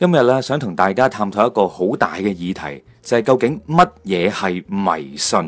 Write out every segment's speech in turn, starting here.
今日咧想同大家探討一個好大嘅議題，就係究竟乜嘢係迷信？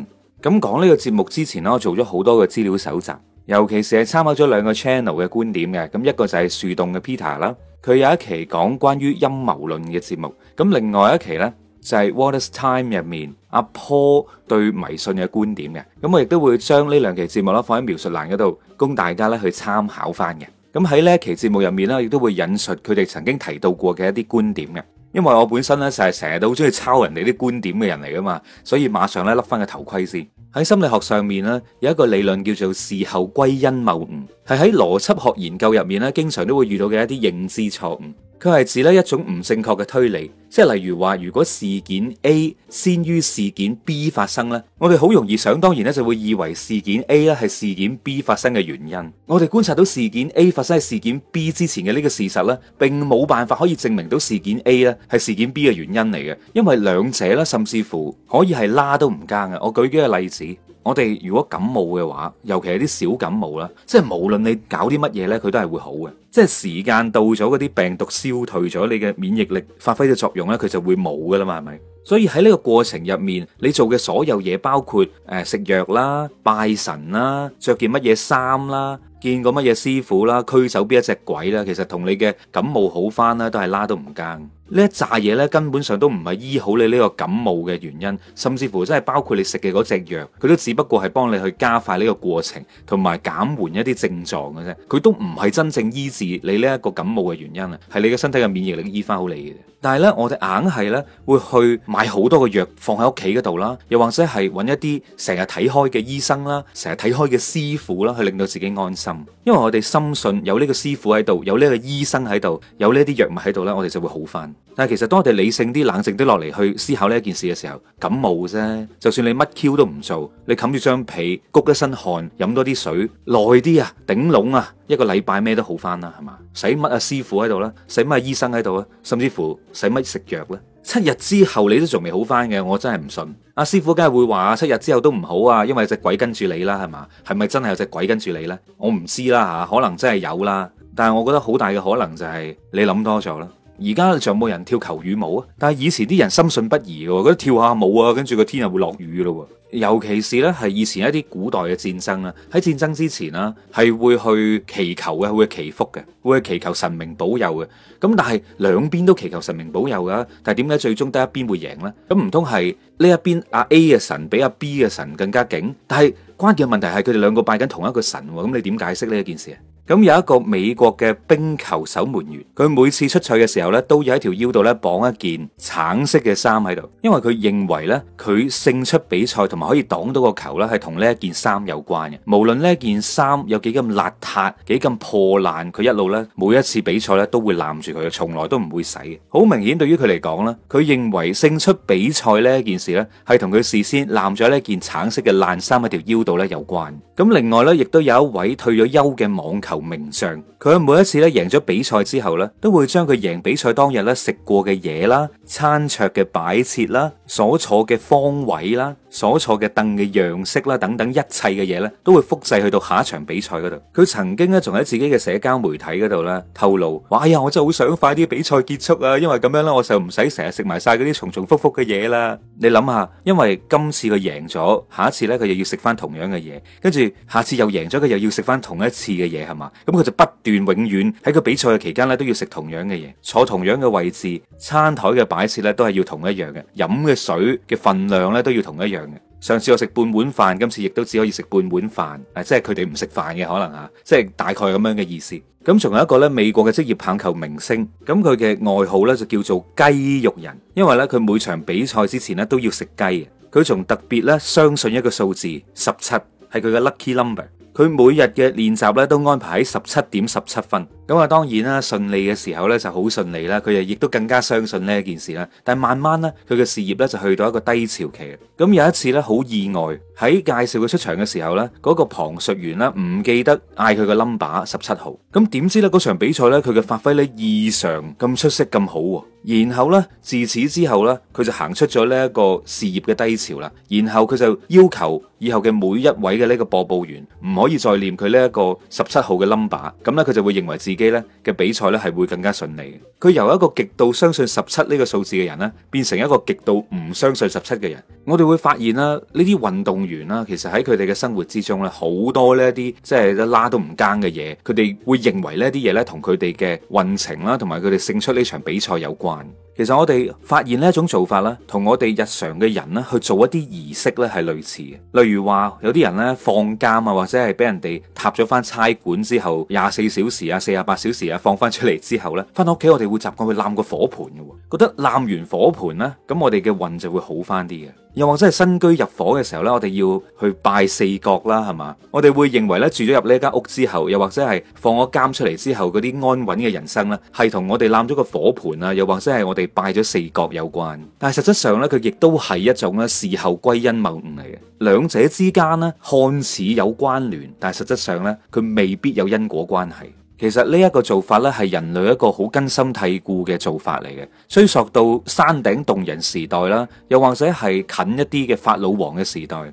咁講呢個節目之前咧，我做咗好多嘅資料蒐集，尤其是係參考咗兩個 channel 嘅觀點嘅。咁一個就係樹洞嘅 Peter 啦，佢有一期講關於陰謀論嘅節目。咁另外一期咧就係 Wallace Time 入面阿 Paul 對迷信嘅觀點嘅。咁我亦都會將呢兩期節目咧放喺描述欄嗰度，供大家咧去參考翻嘅。咁喺呢一期節目入面咧，亦都會引述佢哋曾經提到過嘅一啲觀點嘅，因為我本身咧就係成日都好中意抄人哋啲觀點嘅人嚟噶嘛，所以馬上咧甩翻個頭盔先。喺心理學上面咧，有一個理論叫做事後歸因謬誤，係喺邏輯學研究入面咧，經常都會遇到嘅一啲認知錯誤。佢係指咧一種唔正確嘅推理，即係例如話，如果事件 A 先於事件 B 發生咧，我哋好容易想當然咧就會以為事件 A 咧係事件 B 發生嘅原因。我哋觀察到事件 A 發生喺事件 B 之前嘅呢個事實咧，並冇辦法可以證明到事件 A 咧係事件 B 嘅原因嚟嘅，因為兩者咧甚至乎可以係拉都唔更嘅。我舉幾個例子。我哋如果感冒嘅話，尤其係啲小感冒啦，即係無論你搞啲乜嘢呢，佢都係會好嘅。即係時間到咗，嗰啲病毒消退咗，你嘅免疫力發揮嘅作用呢，佢就會冇噶啦嘛，係咪？所以喺呢個過程入面，你做嘅所有嘢，包括誒、呃、食藥啦、拜神啦、着件乜嘢衫啦、見過乜嘢師傅啦、驅走邊一隻鬼啦，其實同你嘅感冒好翻啦，都係拉都唔更。呢一扎嘢呢，根本上都唔係醫好你呢個感冒嘅原因，甚至乎真係包括你食嘅嗰隻藥，佢都只不過係幫你去加快呢個過程，同埋減緩一啲症狀嘅啫。佢都唔係真正醫治你呢一個感冒嘅原因啊，係你嘅身體嘅免疫力醫翻好你嘅。但係呢，我哋硬係呢會去買好多嘅藥放喺屋企嗰度啦，又或者係揾一啲成日睇開嘅醫生啦，成日睇開嘅師傅啦，去令到自己安心，因為我哋深信有呢個師傅喺度，有呢個醫生喺度，有呢啲藥物喺度咧，我哋就會好翻。但係其實當我哋理性啲、冷靜啲落嚟，去思考呢一件事嘅時候，感冒啫，就算你乜 Q 都唔做，你冚住張被，焗一身汗，飲多啲水，耐啲啊，頂籠啊，一個禮拜咩都好翻啦，係嘛？使乜阿師傅喺度啦？使乜醫生喺度啊？甚至乎使乜食藥咧？七日之後你都仲未好翻嘅，我真係唔信。阿師傅梗係會話七日之後都唔好啊，因為隻鬼跟住你啦，係嘛？係咪真係有隻鬼跟住你咧？我唔知啦吓、啊，可能真係有啦，但係我覺得好大嘅可能就係、是、你諗多咗啦。而家仲有冇人跳求雨舞啊？但係以前啲人深信不疑嘅，覺得跳下舞啊，跟住個天又會落雨咯。尤其是呢，係以前一啲古代嘅戰爭啊，喺戰爭之前啊，係會去祈求嘅，會祈福嘅，會去祈求神明保佑嘅。咁但係兩邊都祈求神明保佑噶，但係點解最終得一邊會贏呢？咁唔通係呢一邊阿 A 嘅神比阿 B 嘅神更加勁？但係關鍵嘅問題係佢哋兩個拜緊同一個神，咁你點解釋呢一件事？咁有一個美國嘅冰球守門員，佢每次出賽嘅時候咧，都有一條腰度咧綁一件橙色嘅衫喺度，因為佢認為咧，佢勝出比賽同埋可以擋到個球咧，係同呢一件衫有關嘅。無論呢一件衫有幾咁邋遢，幾咁破爛，佢一路咧每一次比賽咧都會攬住佢，從來都唔會洗。好明顯，對於佢嚟講咧，佢認為勝出比賽呢一件事咧，係同佢事先攬咗呢一件橙色嘅爛衫喺條腰度咧有關。咁另外咧，亦都有一位退咗休嘅網球。名將，佢每一次咧贏咗比賽之後咧，都會將佢贏比賽當日咧食過嘅嘢啦，餐桌嘅擺設啦，所坐嘅方位啦，所坐嘅凳嘅樣式啦，等等一切嘅嘢呢，都會複製去到下一場比賽嗰度。佢曾經呢，仲喺自己嘅社交媒體嗰度啦，透露：「哇呀，我真係好想快啲比賽結束啊，因為咁樣呢，我就唔使成日食埋晒嗰啲重重複複嘅嘢啦。你諗下，因為今次佢贏咗，下一次呢，佢又要食返同樣嘅嘢，跟住下次又贏咗，佢又要食返同一次嘅嘢係嘛？咁佢就不斷永遠喺佢比賽嘅期間呢，都要食同樣嘅嘢，坐同樣嘅位置，餐台嘅擺。每次咧都係要同一樣嘅，飲嘅水嘅份量咧都要同一樣嘅。上次我食半碗飯，今次亦都只可以食半碗飯。誒，即係佢哋唔食飯嘅可能啊，即係大概咁樣嘅意思。咁仲有一個咧，美國嘅職業棒球明星，咁佢嘅愛好咧就叫做雞肉人，因為咧佢每場比賽之前咧都要食雞嘅。佢仲特別咧相信一個數字十七係佢嘅 lucky number。佢每日嘅練習咧都安排喺十七點十七分，咁啊當然啦順利嘅時候咧就好順利啦，佢亦都更加相信呢一件事啦。但係慢慢咧，佢嘅事業咧就去到一個低潮期。咁有一次咧好意外，喺介紹佢出場嘅時候咧，嗰個旁述員咧唔記得嗌佢個 number 十七號。咁點知咧嗰場比賽咧佢嘅發揮咧異常咁出色咁好喎。然後咧自此之後咧佢就行出咗呢一個事業嘅低潮啦。然後佢就要求以後嘅每一位嘅呢個播報員唔可以。以再唸佢呢一個十七號嘅 number，咁呢佢就會認為自己呢嘅比賽呢係會更加順利。佢由一個極度相信十七呢個數字嘅人呢，變成一個極度唔相信十七嘅人。我哋會發現啦，呢啲運動員啦，其實喺佢哋嘅生活之中呢，好多呢一啲即係拉都唔埋嘅嘢，佢哋會認為呢啲嘢呢，同佢哋嘅運程啦，同埋佢哋勝出呢場比賽有關。其實我哋發現呢一種做法咧，同我哋日常嘅人咧去做一啲儀式咧係類似嘅，例如話有啲人咧放監啊，或者係俾人哋踏咗翻差館之後，廿四小時啊、四十八小時啊放翻出嚟之後咧，翻到屋企我哋會習慣去攬個火盆嘅、哦，覺得攬完火盆咧，咁我哋嘅運就會好翻啲嘅。又或者係新居入伙嘅時候咧，我哋要去拜四角啦，係嘛？我哋會認為咧住咗入呢一間屋之後，又或者係放咗監出嚟之後，嗰啲安穩嘅人生咧，係同我哋攬咗個火盆啊，又或者係我哋。拜咗四角有關，但係實質上呢，佢亦都係一種呢事後歸因謬誤嚟嘅。兩者之間呢，看似有關聯，但係實質上呢，佢未必有因果關係。其實呢一個做法呢，係人類一個好根深蒂固嘅做法嚟嘅。追溯到山頂洞人時代啦，又或者係近一啲嘅法老王嘅時代。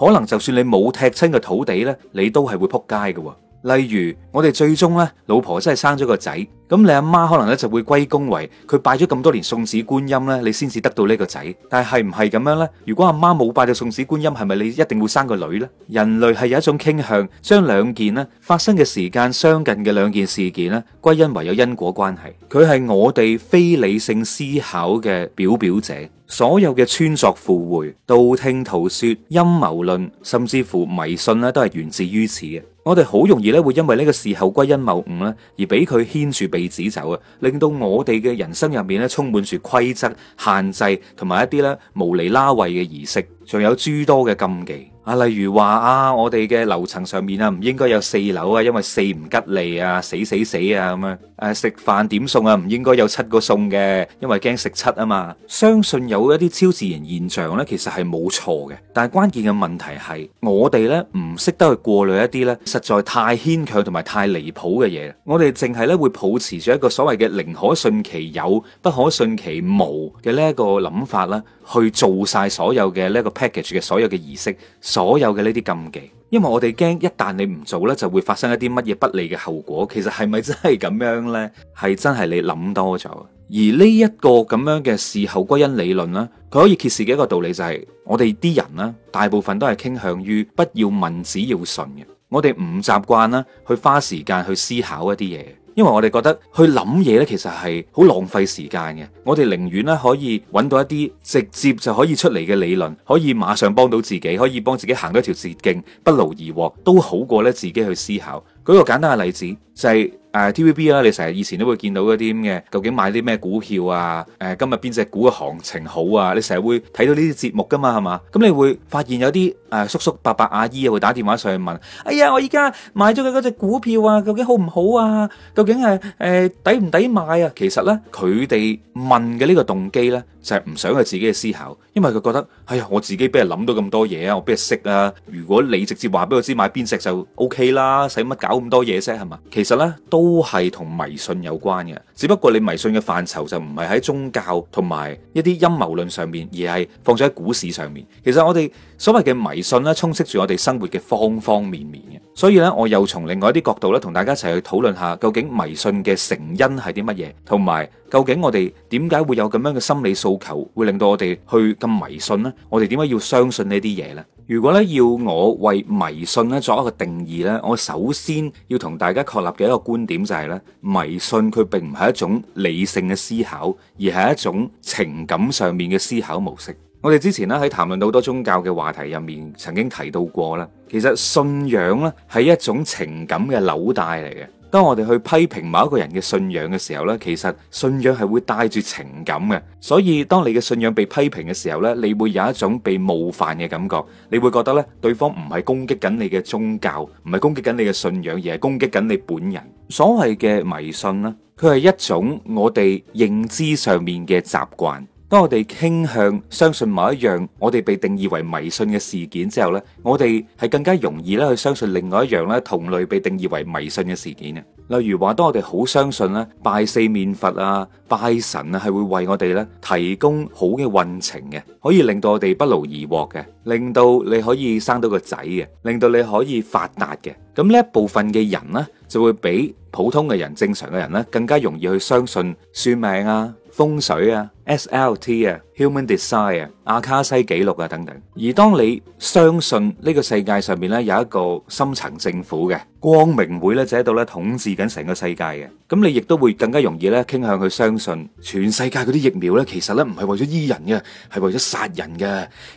可能就算你冇踢親個土地咧，你都係會撲街嘅。例如，我哋最終呢，老婆真係生咗個仔，咁你阿媽，媽可能呢就會歸功為佢拜咗咁多年送子觀音呢。你先至得到呢個仔。但係係唔係咁樣呢？如果阿媽冇拜到送子觀音，係咪你一定會生個女呢？人類係有一種傾向，將兩件呢發生嘅時間相近嘅兩件事件呢歸因為有因果關係。佢係我哋非理性思考嘅表表者，所有嘅穿鑿、附會、道聽途說、陰謀論，甚至乎迷信呢，都係源自於此嘅。我哋好容易咧，會因為呢個事後歸因謬誤咧，而俾佢牽住鼻子走啊，令到我哋嘅人生入面咧，充滿住規則、限制，同埋一啲咧無厘拉位嘅儀式，仲有諸多嘅禁忌。啊，例如話啊，我哋嘅樓層上面啊，唔應該有四樓啊，因為四唔吉利啊，死死死啊咁樣。誒、啊，食飯點餸啊，唔應該有七個餸嘅，因為驚食七啊嘛。相信有一啲超自然現象呢，其實係冇錯嘅，但係關鍵嘅問題係我哋呢唔識得去過濾一啲呢實在太牽強同埋太離譜嘅嘢。我哋淨係呢會抱持住一個所謂嘅寧可信其有，不可信其無嘅呢一個諗法啦，去做晒所有嘅呢一個 package 嘅所有嘅儀式。所有嘅呢啲禁忌，因為我哋驚一旦你唔做呢，就會發生一啲乜嘢不利嘅後果。其實係咪真係咁樣呢？係真係你諗多咗。而呢一個咁樣嘅事後歸因理論咧，佢可以揭示嘅一個道理就係，我哋啲人咧，大部分都係傾向於不要問，只要信嘅。我哋唔習慣啦，去花時間去思考一啲嘢。因為我哋覺得去諗嘢咧，其實係好浪費時間嘅。我哋寧願咧可以揾到一啲直接就可以出嚟嘅理論，可以馬上幫到自己，可以幫自己行到一條捷徑，不勞而獲都好過咧自己去思考。舉個簡單嘅例子就係。誒 TVB 啦，TV B，你成日以前都會見到一啲嘅，究竟買啲咩股票啊？誒，今日邊隻股嘅行情好啊？你成日會睇到呢啲節目㗎嘛？係嘛？咁你會發現有啲誒、呃、叔叔、伯伯，伯、阿姨會打電話上去問，哎呀，我依家買咗嘅嗰隻股票啊，究竟好唔好啊？究竟係誒抵唔抵買啊？其實咧，佢哋問嘅呢個動機咧。就係唔想佢自己嘅思考，因為佢覺得，哎呀，我自己俾人諗到咁多嘢啊，我俾人識啊。如果你直接話俾我知買邊隻就 OK 啦，使乜搞咁多嘢啫，係嘛？其實咧，都係同迷信有關嘅，只不過你迷信嘅範疇就唔係喺宗教同埋一啲陰謀論上面，而係放咗喺股市上面。其實我哋所謂嘅迷信咧，充斥住我哋生活嘅方方面面嘅。所以咧，我又從另外一啲角度咧，同大家一齊去討論下，究竟迷信嘅成因係啲乜嘢，同埋究竟我哋點解會有咁樣嘅心理素？要求會令到我哋去咁迷信咧，我哋點解要相信呢啲嘢呢？如果咧，要我為迷信咧作一個定義咧，我首先要同大家確立嘅一個觀點就係咧，迷信佢並唔係一種理性嘅思考，而係一種情感上面嘅思考模式。我哋之前咧喺談論到好多宗教嘅話題入面，曾經提到過啦，其實信仰咧係一種情感嘅紐帶嚟嘅。當我哋去批評某一個人嘅信仰嘅時候呢，其實信仰係會帶住情感嘅，所以當你嘅信仰被批評嘅時候呢，你會有一種被冒犯嘅感覺，你會覺得呢，對方唔係攻擊緊你嘅宗教，唔係攻擊緊你嘅信仰，而係攻擊緊你本人。所謂嘅迷信咧，佢係一種我哋認知上面嘅習慣。當我哋傾向相信某一樣，我哋被定義為迷信嘅事件之後呢，我哋係更加容易咧去相信另外一樣咧同類被定義為迷信嘅事件嘅。例如話，當我哋好相信咧拜四面佛啊、拜神啊，係會為我哋咧提供好嘅運程嘅，可以令到我哋不勞而獲嘅，令到你可以生到個仔嘅，令到你可以發達嘅。咁呢一部分嘅人呢，就會比普通嘅人、正常嘅人咧更加容易去相信算命啊、風水啊。S.L.T 啊，Human Design 啊，阿卡西記錄啊等等。而當你相信呢個世界上面咧有一個深層政府嘅光明會咧，就喺度咧統治緊成個世界嘅，咁你亦都會更加容易咧傾向去相信全世界嗰啲疫苗咧，其實咧唔係為咗醫人嘅，係為咗殺人嘅。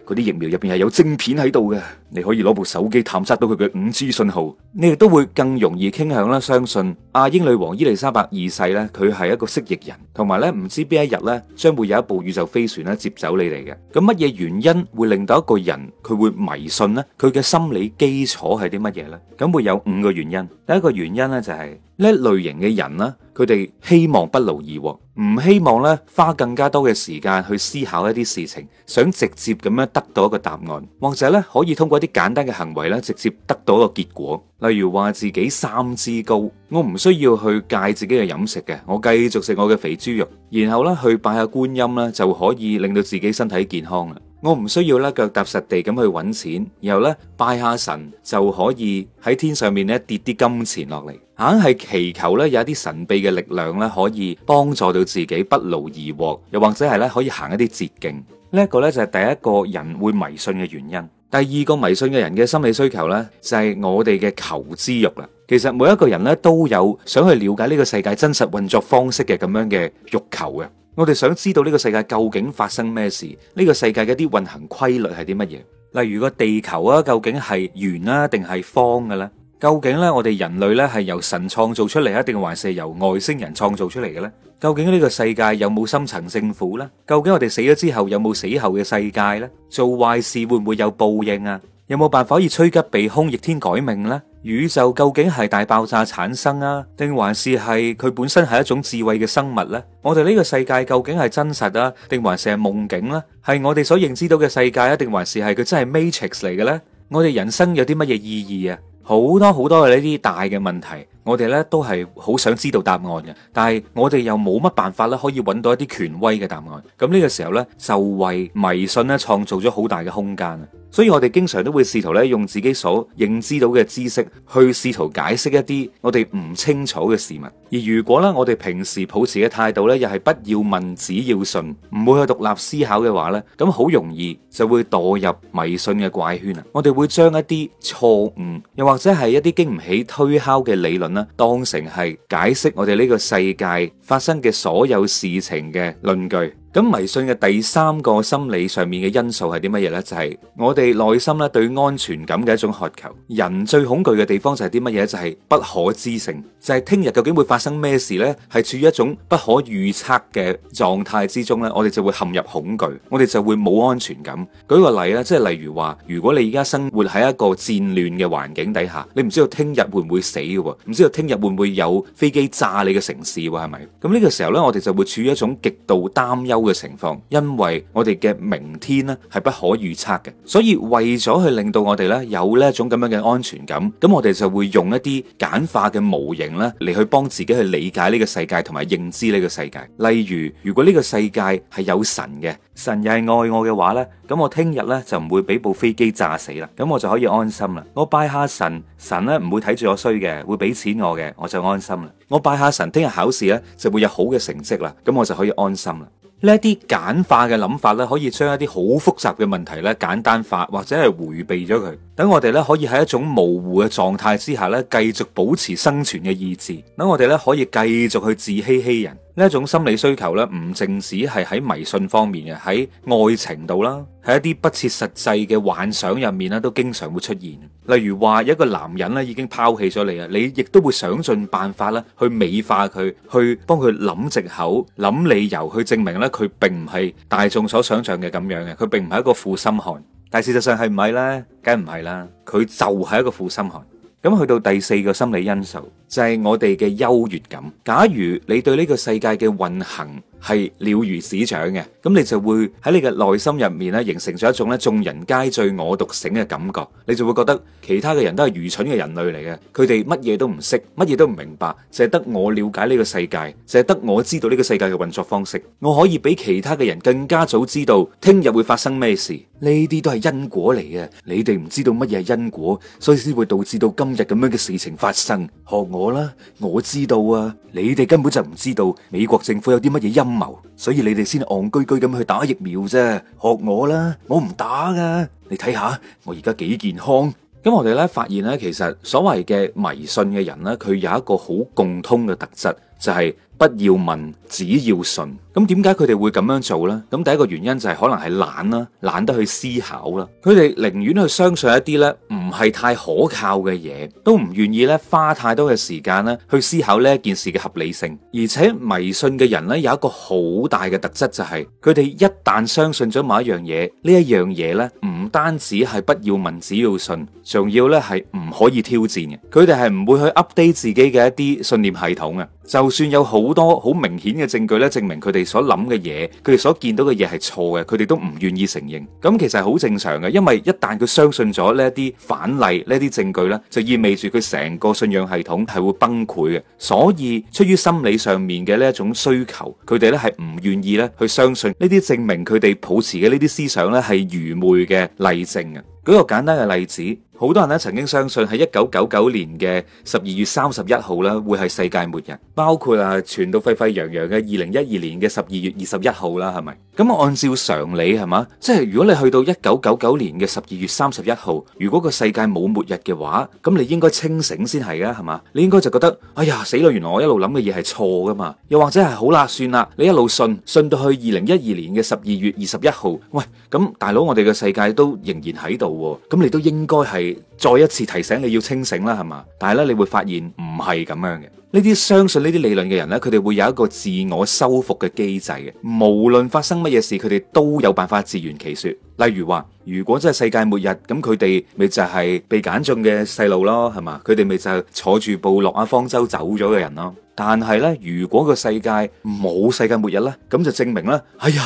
嗰啲疫苗入邊係有晶片喺度嘅，你可以攞部手機探測到佢嘅五 G 信號。你亦都會更容易傾向咧相信阿英女皇伊麗莎白二世咧，佢係一個蜥蜴人，同埋咧唔知邊一日咧將會。會有一部宇宙飛船咧接走你哋嘅，咁乜嘢原因會令到一個人，佢會迷信咧？佢嘅心理基礎係啲乜嘢咧？咁會有五個原因，第一個原因咧就係、是。呢類型嘅人呢，佢哋希望不勞而獲，唔希望呢花更加多嘅時間去思考一啲事情，想直接咁樣得到一個答案，或者呢，可以通過一啲簡單嘅行為呢直接得到一個結果。例如話自己三脂高，我唔需要去戒自己嘅飲食嘅，我繼續食我嘅肥豬肉，然後呢，去拜下觀音呢就可以令到自己身體健康啦。我唔需要咧腳踏實地咁去揾錢，然後呢，拜下神就可以喺天上面咧跌啲金錢落嚟。硬、啊、係祈求呢，有一啲神秘嘅力量呢，可以幫助到自己不勞而獲，又或者係呢，可以行一啲捷徑。這個、呢一個咧就係、是、第一個人會迷信嘅原因。第二個迷信嘅人嘅心理需求呢，就係、是、我哋嘅求知欲啦。其實每一個人呢，都有想去了解呢個世界真實運作方式嘅咁樣嘅欲求嘅。我哋想知道呢個世界究竟發生咩事？呢個世界嘅啲運行規律係啲乜嘢？例如個地球啊，究竟係圓啊定係方噶咧？究竟咧我哋人類咧係由神創造出嚟，一定還是由外星人創造出嚟嘅咧？究竟呢個世界有冇深層政府咧？究竟我哋死咗之後有冇死後嘅世界咧？做壞事會唔會有報應啊？有冇辦法可以趨吉避凶、逆天改命呢？宇宙究竟係大爆炸產生啊，定還是係佢本身係一種智慧嘅生物呢？我哋呢個世界究竟係真實啊，定還是係夢境呢、啊？係我哋所認知到嘅世界啊，定還是係佢真係 Matrix 嚟嘅咧？我哋人生有啲乜嘢意義啊？好多好多嘅呢啲大嘅問題。我哋咧都係好想知道答案嘅，但係我哋又冇乜辦法咧，可以揾到一啲權威嘅答案。咁呢個時候呢，就為迷信咧創造咗好大嘅空間啊！所以我哋經常都會試圖咧用自己所認知到嘅知識去試圖解釋一啲我哋唔清楚嘅事物。而如果咧我哋平時抱持嘅態度呢，又係不要問，只要信，唔會去獨立思考嘅話呢，咁好容易就會墮入迷信嘅怪圈啊！我哋會將一啲錯誤，又或者係一啲經唔起推敲嘅理論。當成係解釋我哋呢個世界發生嘅所有事情嘅論據。咁迷信嘅第三個心理上面嘅因素係啲乜嘢咧？就係我哋內心咧對安全感嘅一種渴求。人最恐懼嘅地方就係啲乜嘢咧？就係不可知性，就係聽日究竟會發生咩事咧？係處於一種不可預測嘅狀態之中咧，我哋就會陷入恐懼，我哋就會冇安全感。舉個例啦，即係例如話，如果你而家生活喺一個戰亂嘅環境底下，你唔知道聽日會唔會死嘅，唔知道聽日會唔會有飛機炸你嘅城市，係咪？咁呢個時候咧，我哋就會處於一種極度擔憂。嘅情況，因為我哋嘅明天呢係不可預測嘅，所以為咗去令到我哋呢有呢一種咁樣嘅安全感，咁我哋就會用一啲簡化嘅模型呢嚟，去幫自己去理解呢個世界同埋認知呢個世界。例如，如果呢個世界係有神嘅，神又係愛我嘅話呢，咁我聽日呢就唔會俾部飛機炸死啦，咁我就可以安心啦。我拜下神，神呢唔會睇住我衰嘅，會俾錢我嘅，我就安心啦。我拜下神，聽日考試呢就會有好嘅成績啦，咁我就可以安心啦。呢一啲簡化嘅諗法咧，可以將一啲好複雜嘅問題咧簡單化，或者係回避咗佢。等我哋咧可以喺一種模糊嘅狀態之下咧，繼續保持生存嘅意志。等我哋咧可以繼續去自欺欺人。呢一種心理需求咧，唔淨止係喺迷信方面嘅，喺愛情度啦，喺一啲不切實際嘅幻想入面咧，都經常會出現。例如話一個男人咧已經拋棄咗你啊，你亦都會想盡辦法啦去美化佢，去幫佢諗藉口、諗理由去證明咧佢並唔係大眾所想象嘅咁樣嘅，佢並唔係一個負心漢。但事實上係唔係呢？梗係唔係啦，佢就係一個負心漢。咁去到第四個心理因素，就係我哋嘅優越感。假如你對呢個世界嘅運行，係了如指掌嘅，咁你就會喺你嘅內心入面咧形成咗一種咧眾人皆醉我獨醒嘅感覺，你就會覺得其他嘅人都係愚蠢嘅人類嚟嘅，佢哋乜嘢都唔識，乜嘢都唔明白，淨係得我了解呢個世界，淨係得我知道呢個世界嘅運作方式，我可以比其他嘅人更加早知道聽日會發生咩事，呢啲都係因果嚟嘅，你哋唔知道乜嘢係因果，所以先會導致到今日咁樣嘅事情發生，學我啦，我知道啊，你哋根本就唔知道美國政府有啲乜嘢陰謀，所以你哋先戇居居咁去打疫苗啫，學我啦，我唔打㗎，你睇下我而家幾健康。咁我哋呢發現呢，其實所謂嘅迷信嘅人呢，佢有一個好共通嘅特質。就係不要問，只要信。咁點解佢哋會咁樣做呢？咁第一個原因就係可能係懶啦，懶得去思考啦。佢哋寧願去相信一啲咧唔係太可靠嘅嘢，都唔願意咧花太多嘅時間咧去思考呢一件事嘅合理性。而且迷信嘅人咧有一個好大嘅特質就係，佢哋一旦相信咗某一樣嘢，呢一樣嘢咧唔單止係不要問，只要信，仲要咧係唔可以挑戰嘅。佢哋係唔會去 update 自己嘅一啲信念系統嘅。就算有好多好明顯嘅證據咧，證明佢哋所諗嘅嘢，佢哋所見到嘅嘢係錯嘅，佢哋都唔願意承認。咁其實係好正常嘅，因為一旦佢相信咗呢一啲反例、呢啲證據咧，就意味住佢成個信仰系統係會崩潰嘅。所以出於心理上面嘅呢一種需求，佢哋咧係唔願意咧去相信呢啲證明佢哋抱持嘅呢啲思想咧係愚昧嘅例證嘅。舉個簡單嘅例子。好多人咧，曾經相信喺一九九九年嘅十二月三十一號啦，會係世界末日，包括啊傳到沸沸揚揚嘅二零一二年嘅十二月二十一號啦，係咪？咁按照常理係嘛？即係如果你去到一九九九年嘅十二月三十一號，如果個世界冇末日嘅話，咁你應該清醒先係㗎，係嘛？你應該就覺得，哎呀死啦！原來我一路諗嘅嘢係錯㗎嘛？又或者係好啦，算啦，你一路信信到去二零一二年嘅十二月二十一號，喂，咁大佬，我哋嘅世界都仍然喺度喎，咁你都應該係。再一次提醒你要清醒啦，係嘛？但係咧，你會發現唔係咁樣嘅。呢啲相信呢啲理論嘅人呢，佢哋會有一個自我修復嘅機制嘅。無論發生乜嘢事，佢哋都有辦法自圓其説。例如話，如果真係世界末日，咁佢哋咪就係被揀中嘅細路咯，係嘛？佢哋咪就坐住部落啊方舟走咗嘅人咯。但係呢，如果個世界冇世界末日呢，咁就證明啦，哎呀，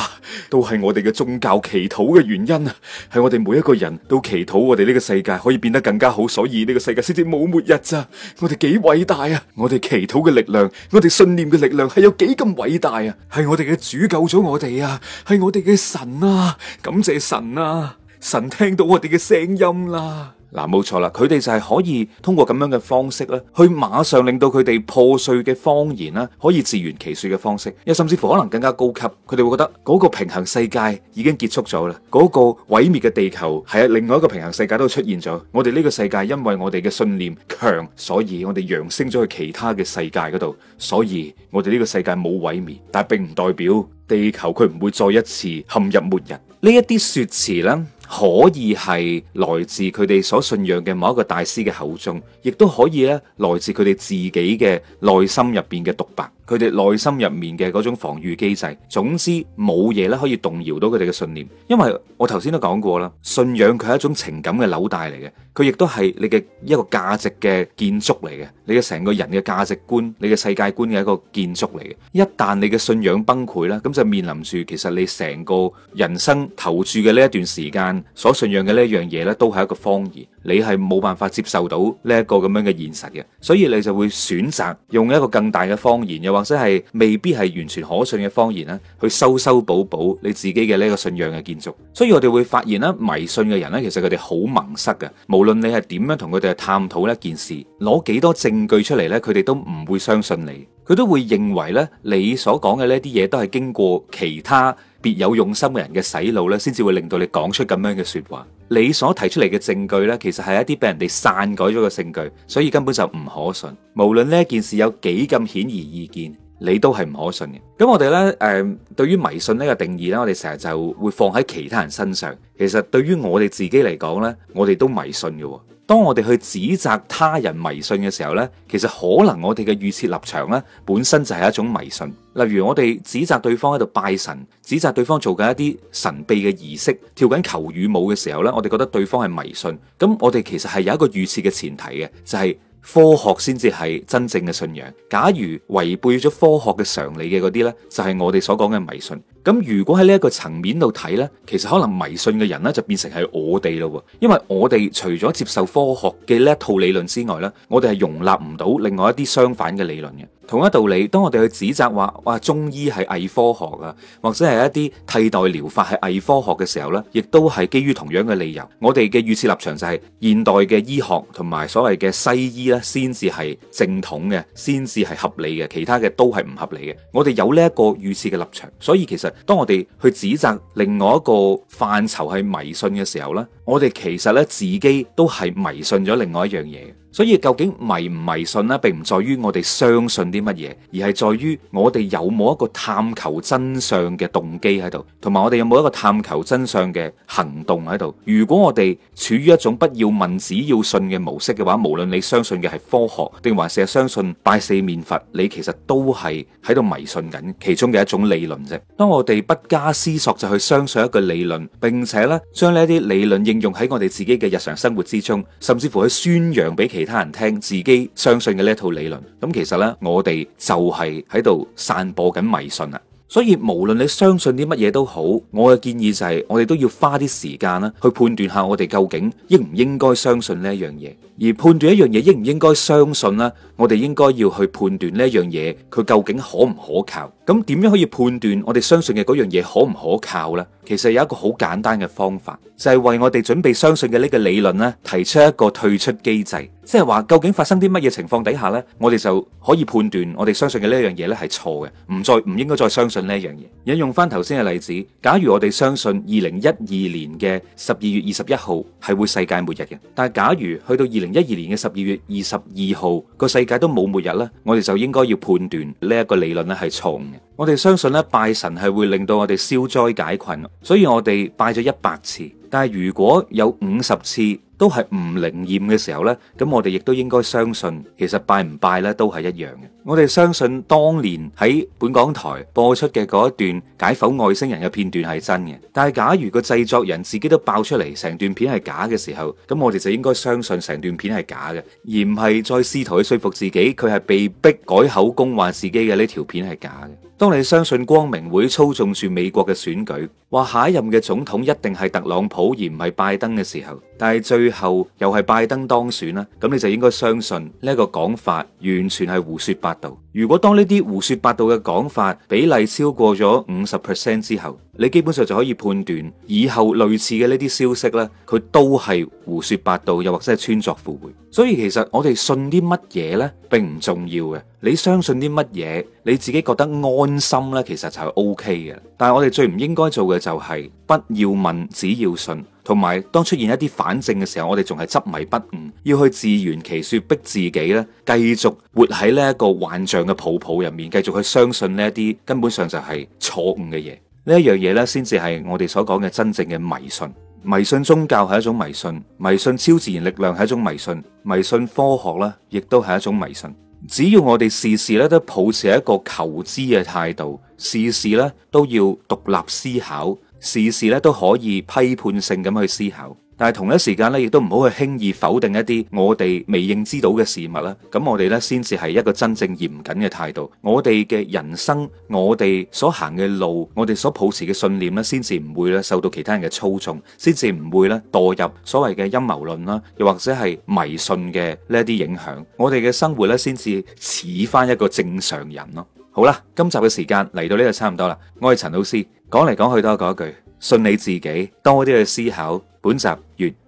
都係我哋嘅宗教祈禱嘅原因啊！係我哋每一個人都祈禱我哋呢個世界可以變得更加好，所以呢個世界先至冇末日咋。我哋幾偉大啊！我哋祈。祈禱嘅力量，我哋信念嘅力量係有幾咁偉大啊！係我哋嘅主救咗我哋啊！係我哋嘅神啊！感謝神啊！神聽到我哋嘅聲音啦！嗱，冇錯啦，佢哋就係可以通過咁樣嘅方式咧，去馬上令到佢哋破碎嘅謊言啦，可以自圓其說嘅方式，又甚至乎可能更加高級，佢哋會覺得嗰個平行世界已經結束咗啦，嗰個毀滅嘅地球係啊另外一個平行世界都出現咗，我哋呢個世界因為我哋嘅信念強，所以我哋揚升咗去其他嘅世界嗰度，所以我哋呢個世界冇毀滅，但係並唔代表地球佢唔會再一次陷入末日呢一啲說辭啦。可以係來自佢哋所信仰嘅某一個大師嘅口中，亦都可以咧來自佢哋自己嘅內心入邊嘅獨白。佢哋內心入面嘅嗰種防禦機制，總之冇嘢咧可以動搖到佢哋嘅信念，因為我頭先都講過啦，信仰佢係一種情感嘅紐帶嚟嘅，佢亦都係你嘅一個價值嘅建築嚟嘅，你嘅成個人嘅價值觀、你嘅世界觀嘅一個建築嚟嘅。一旦你嘅信仰崩潰啦，咁就面臨住其實你成個人生投注嘅呢一段時間所信仰嘅呢一樣嘢呢都係一個謊言。你係冇辦法接受到呢一個咁樣嘅現實嘅，所以你就會選擇用一個更大嘅謊言，又或者係未必係完全可信嘅謊言咧，去修修補補你自己嘅呢一個信仰嘅建築。所以我哋會發現咧，迷信嘅人咧，其實佢哋好蒙塞嘅。無論你係點樣同佢哋去探討一件事，攞幾多證據出嚟咧，佢哋都唔會相信你，佢都會認為咧，你所講嘅呢啲嘢都係經過其他別有用心嘅人嘅洗腦咧，先至會令到你講出咁樣嘅說話。你所提出嚟嘅證據呢，其實係一啲畀人哋篡改咗嘅證據，所以根本就唔可信。無論呢件事有幾咁顯而易見，你都係唔可信嘅。咁我哋呢，誒、呃，對於迷信呢個定義呢，我哋成日就會放喺其他人身上。其實對於我哋自己嚟講呢，我哋都迷信嘅，哦。當我哋去指責他人迷信嘅時候呢，其實可能我哋嘅預設立場呢，本身就係一種迷信。例如我哋指責對方喺度拜神，指責對方做緊一啲神秘嘅儀式，跳緊求雨舞嘅時候呢，我哋覺得對方係迷信。咁我哋其實係有一個預設嘅前提嘅，就係科學先至係真正嘅信仰。假如違背咗科學嘅常理嘅嗰啲呢，就係我哋所講嘅迷信。咁如果喺呢一個層面度睇呢，其實可能迷信嘅人呢，就變成係我哋咯，因為我哋除咗接受科學嘅呢一套理論之外呢，我哋係容納唔到另外一啲相反嘅理論嘅。同一道理，當我哋去指責話哇，中醫係偽科學啊，或者係一啲替代療法係偽科學嘅時候呢，亦都係基於同樣嘅理由，我哋嘅預設立場就係現代嘅醫學同埋所謂嘅西醫呢，先至係正統嘅，先至係合理嘅，其他嘅都係唔合理嘅。我哋有呢一個預設嘅立場，所以其實。當我哋去指責另外一個範疇係迷信嘅時候咧。我哋其實咧自己都係迷信咗另外一樣嘢，所以究竟迷唔迷信呢？並唔在於我哋相信啲乜嘢，而係在於我哋有冇一個探求真相嘅動機喺度，同埋我哋有冇一個探求真相嘅行動喺度。如果我哋處於一種不要問只要信嘅模式嘅話，無論你相信嘅係科學定還是係相信拜四面佛，你其實都係喺度迷信緊其中嘅一種理論啫。當我哋不加思索就去相信一個理論，並且咧將呢啲理論應用喺我哋自己嘅日常生活之中，甚至乎去宣揚俾其他人聽自己相信嘅呢一套理論，咁其實咧，我哋就係喺度散播緊迷信啊。所以無論你相信啲乜嘢都好，我嘅建議就係我哋都要花啲時間啦，去判斷下我哋究竟應唔應該相信呢一樣嘢。而判斷一樣嘢應唔應該相信呢，我哋應該要去判斷呢一樣嘢佢究竟可唔可靠。咁點樣可以判斷我哋相信嘅嗰樣嘢可唔可靠呢？其實有一個好簡單嘅方法，就係為我哋準備相信嘅呢個理論咧，提出一個退出機制。即係話，究竟發生啲乜嘢情況底下呢？我哋就可以判斷，我哋相信嘅呢一樣嘢呢係錯嘅，唔再唔應該再相信呢一樣嘢。引用翻頭先嘅例子，假如我哋相信二零一二年嘅十二月二十一號係會世界末日嘅，但係假如去到二零一二年嘅十二月二十二號個世界都冇末日呢，我哋就應該要判斷呢一個理論呢係錯嘅。我哋相信呢，拜神係會令到我哋消災解困，所以我哋拜咗一百次。但係如果有五十次都係唔靈驗嘅時候呢，咁我哋亦都應該相信，其實拜唔拜呢都係一樣嘅。我哋相信當年喺本港台播出嘅嗰一段解剖外星人嘅片段係真嘅。但係假如個製作人自己都爆出嚟成段片係假嘅時候，咁我哋就應該相信成段片係假嘅，而唔係再試圖去説服自己佢係被逼改口供話自己嘅呢條片係假嘅。當你相信光明會操縱住美國嘅選舉，話下一任嘅總統一定係特朗普而唔係拜登嘅時候，但係最後又係拜登當選啦，咁你就應該相信呢個講法完全係胡說八道。如果當呢啲胡說八道嘅講法比例超過咗五十 percent 之後，你基本上就可以判斷，以後類似嘅呢啲消息呢，佢都係胡說八道，又或者係穿鑿附會。所以其實我哋信啲乜嘢呢？並唔重要嘅。你相信啲乜嘢，你自己覺得安心呢，其實就係 OK 嘅。但係我哋最唔應該做嘅就係，不要問，只要信。同埋當出現一啲反證嘅時候，我哋仲係執迷不悟，要去自圓其説，逼自己呢繼續活喺呢一個幻象嘅泡泡入面，繼續去相信呢一啲根本上就係錯誤嘅嘢。呢一樣嘢咧，先至係我哋所講嘅真正嘅迷信。迷信宗教係一種迷信，迷信超自然力量係一種迷信，迷信科學咧，亦都係一種迷信。只要我哋事事咧都抱持一個求知嘅態度，事事咧都要獨立思考，事事咧都可以批判性咁去思考。但係同一時間咧，亦都唔好去輕易否定一啲我哋未認知到嘅事物啦。咁我哋咧先至係一個真正嚴謹嘅態度。我哋嘅人生，我哋所行嘅路，我哋所抱持嘅信念咧，先至唔會咧受到其他人嘅操縱，先至唔會咧墮入所謂嘅陰謀論啦，又或者係迷信嘅呢一啲影響。我哋嘅生活咧，先至似返一個正常人咯。好啦，今集嘅時間嚟到呢度差唔多啦。我係陳老師，講嚟講去都係嗰一句。信你自己，多啲去思考。本集完。